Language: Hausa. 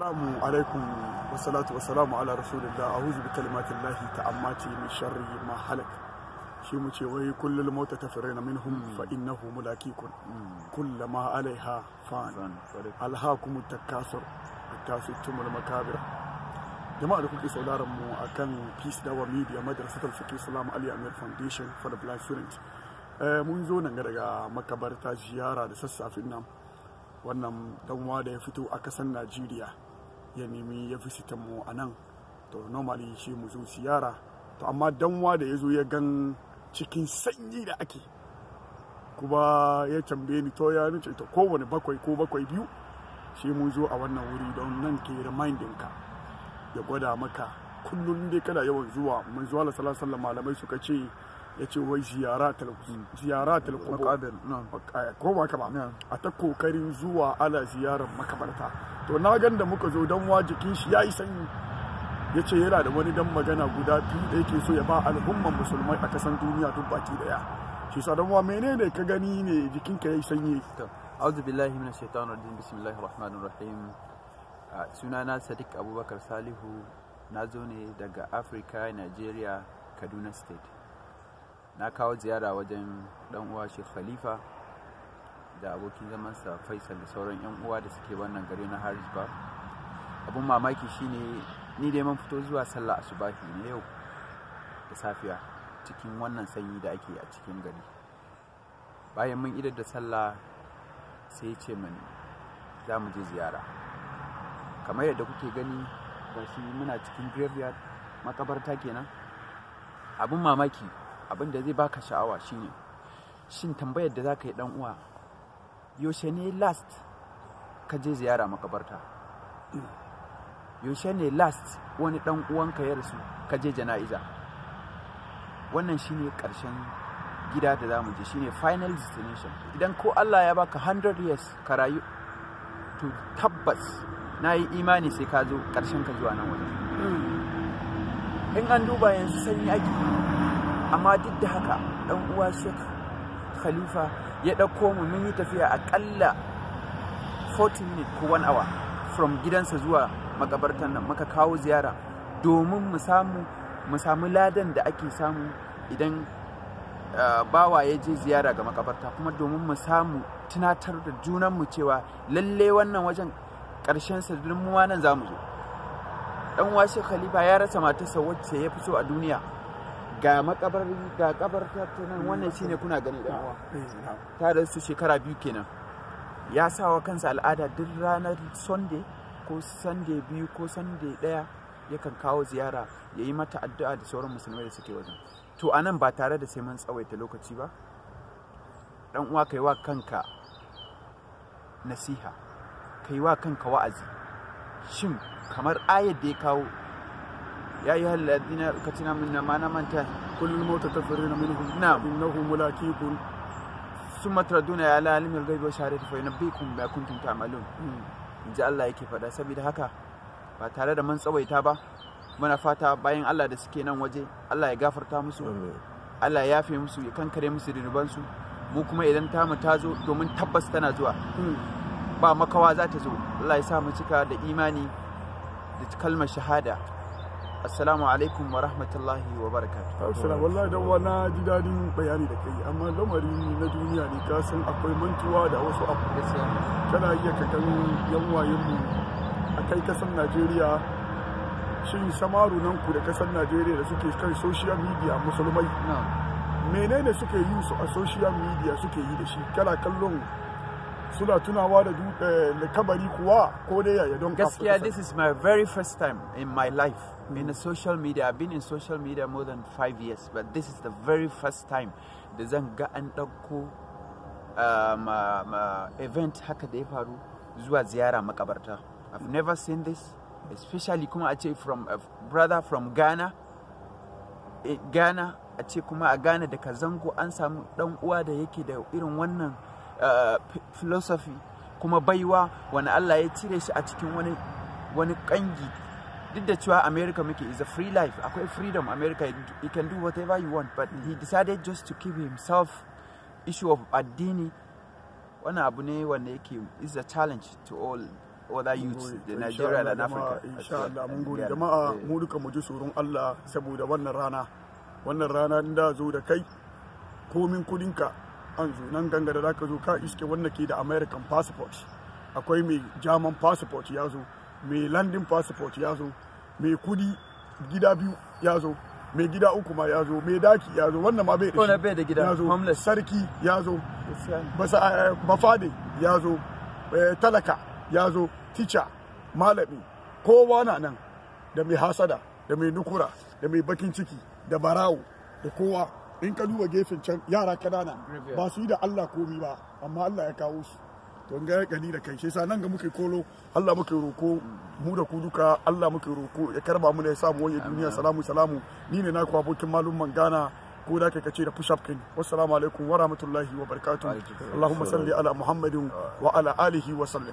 Assalamu alaikum wassalatu ala rasulillah a'udhu bi kalimatillahi ta'ammati min sharri ma halak shi mu ce wai kullul mauta tafirina minhum hmm. fa innahu mulaqikum hmm. kullama alaiha fan alhaakum takasur tasitum makabir jama'a da kuke sauraron mu akan Peace Dawa Media madrasatul fiqh Islam Ali Amir Foundation for the Black Students eh, mun zo nan daga makabarta ziyara da sassafin nan wannan danwa da ya fito a kasar Najeriya ya nemi ya fi mu a nan to normally shi mu zo ziyara to amma danwa da ya zo ya gan cikin sanyi da ake kuma ya tambaye ni to ya nuce to kowane bakwai ko bakwai biyu shi mun zo a wannan wuri don nan ke reminding ka ya gwada maka kullum dai kada yawan zuwa mun zuwa la sallallahu malamai suka ce ya ce wai ziyara ziyara eh, ba ka ba a ta kokarin zuwa ala ziyarar makabarta to na gan da muka zo dan wajikin jikin shi ya yi sanyi ya ce yana da wani dan magana guda biyu da yake so ya ba al'umman musulmai a kasan duniya duk baki daya shi sa dan wa menene ka gani ne jikinka ya yi sanyi أعوذ billahi من الشيطان الرجيم بسم الله rahim ah, sunana sadiq abubakar salihu na zo ne daga afirka nigeria kaduna state na kawo ziyara wajen dan uwa Sheikh Khalifa da abokin zamansa Faisal da sauran yan uwa da suke wannan gari na Harrisburg abun mamaki shine ni dai man fito zuwa sallah asubahi ne yau da safiya cikin wannan sanyi da ake a cikin gari bayan mun idar da sallah sai ce min za mu je ziyara kamar yadda kuke gani ga muna cikin graveyard makabarta kenan abun mamaki abin da zai baka sha'awa shine shin tambayar da zaka yi dan uwa yaushe ne last ka je ziyara makabarta yaushe ne last wani dan uwanka ya rasu ka je jana'iza wannan shine karshen gida da zamu je shine final destination idan ko Allah ya baka 100 years ka rayu to tabbas na yi imani sai ka zo karshen ka zuwa nan wajen hmm. in an duba yanzu sanyi ake amma duk da haka dan uwa Sheikh Khalifa ya ɗauko mu mun yi tafiya akalla 40 minutes ko 1 hour from gidansa zuwa makabartan nan muka kawo ziyara domin mu samu mu samu ladan da ake samu idan bawa ya je ziyara ga makabarta kuma domin mu samu tunatar da junan mu cewa lalle wannan wajen ƙarshen sa mu nan za zo dan washe khalifa ya rasa matarsa wacce ya fi so a duniya ga makabar ga kabar ta nan wannan shine kuna gani da hawa eh, ta da su shekara biyu kenan ya sa wa kansa al'ada duk ranar sunday ko sunday biyu ko sunday daya yakan kawo ziyara ya yi mata addu'a da sauran musulmai da suke wajen to anan ba tare da sai mun tsawaita lokaci ba dan uwa kai wa kanka nasiha kai wa kanka wa'azi shin kamar ayar da ya kawo يا أيها الذين كتنا منا ما نمنت كل الموت تفرون منهم نعم إنه ملاقيكم ثم تردون على علم الغيب والشهادة فينبئكم بما كنتم تعملون إن جاء الله yake faɗa saboda haka ba tare da man tsawaita ba muna fata bayan Allah da suke nan waje Allah ya gafarta musu Allah ya yafe musu ya kankare musu zunubansu mu kuma idan ta tamu ta zo domin tabbas tana zuwa ba makawa za ta zo Allah ya sa mu cika da imani da kalmar shahada assalamu alaikum wa rahmatullahi wa barakatuh assalamu wallahi dan wana ji dadin bayani da kai amma lamari na duniya ne ka san akwai mantuwa da wasu abu kana iya ka kan yan wayen mu kai kasan Najeriya shin samaru nan ku da kasan Najeriya da suke kan social media musulmai menene suke yi su a social media suke yi da shi kana kallon suna tunawa eh, da kabari kuwa ko dai yaya don gaskiya this is my very first time in my life hmm. in a social media i've been in social media more than five years but this is the very first time da zan ga an ɗauko ah, event haka da ya faru zuwa ziyara makabarta i've never seen this especially kuma a ce from a brother from ghana eh, ghana a ce kuma a ghana daga zango an samu dan uwa da yake da irin wannan Eh, philosophy kuma baiwa wani Allah ya cire shi a cikin wani wani kangi duk da cewa America muke is a free life akwai freedom America you can do whatever you want but he decided just to keep himself issue of addini wani abu ne wanda yake is a challenge to all other youths da Nigeria and Africa. Insha Allah mun gode jama'a mu duka mu ji tsoron Allah saboda wannan rana wannan rana da zo da kai komin kudinka an zo nan gangara za ka zo ka iske wanda ke da american passport akwai mai german passport ya zo mai landing passport ya zo mai kudi gida biyu ya zo mai gida uku ma ya zo mai daki ya zo wannan ma bai da gida ya zo sarki ya zo mafade eh, ya zo eh, talaka ya zo teacher malami kowa na nan da mai hasada da mai nukura da mai bakin ciki da barawo da kowa in ka duba gefen can yara kanana ba su yi da Allah komi ba amma Allah ya kawo su to ga ya gani da kai shi sa nan ga muke kolo Allah muke roko mu da ku duka Allah muke roko ya karba mu da ya samu wani duniya salamu salamu ni ne naku abokin malumman Ghana ko da kai kace da push up kin assalamu alaikum wa rahmatullahi wa barakatuh Allahumma salli ala Muhammadin wa ala alihi wa sallim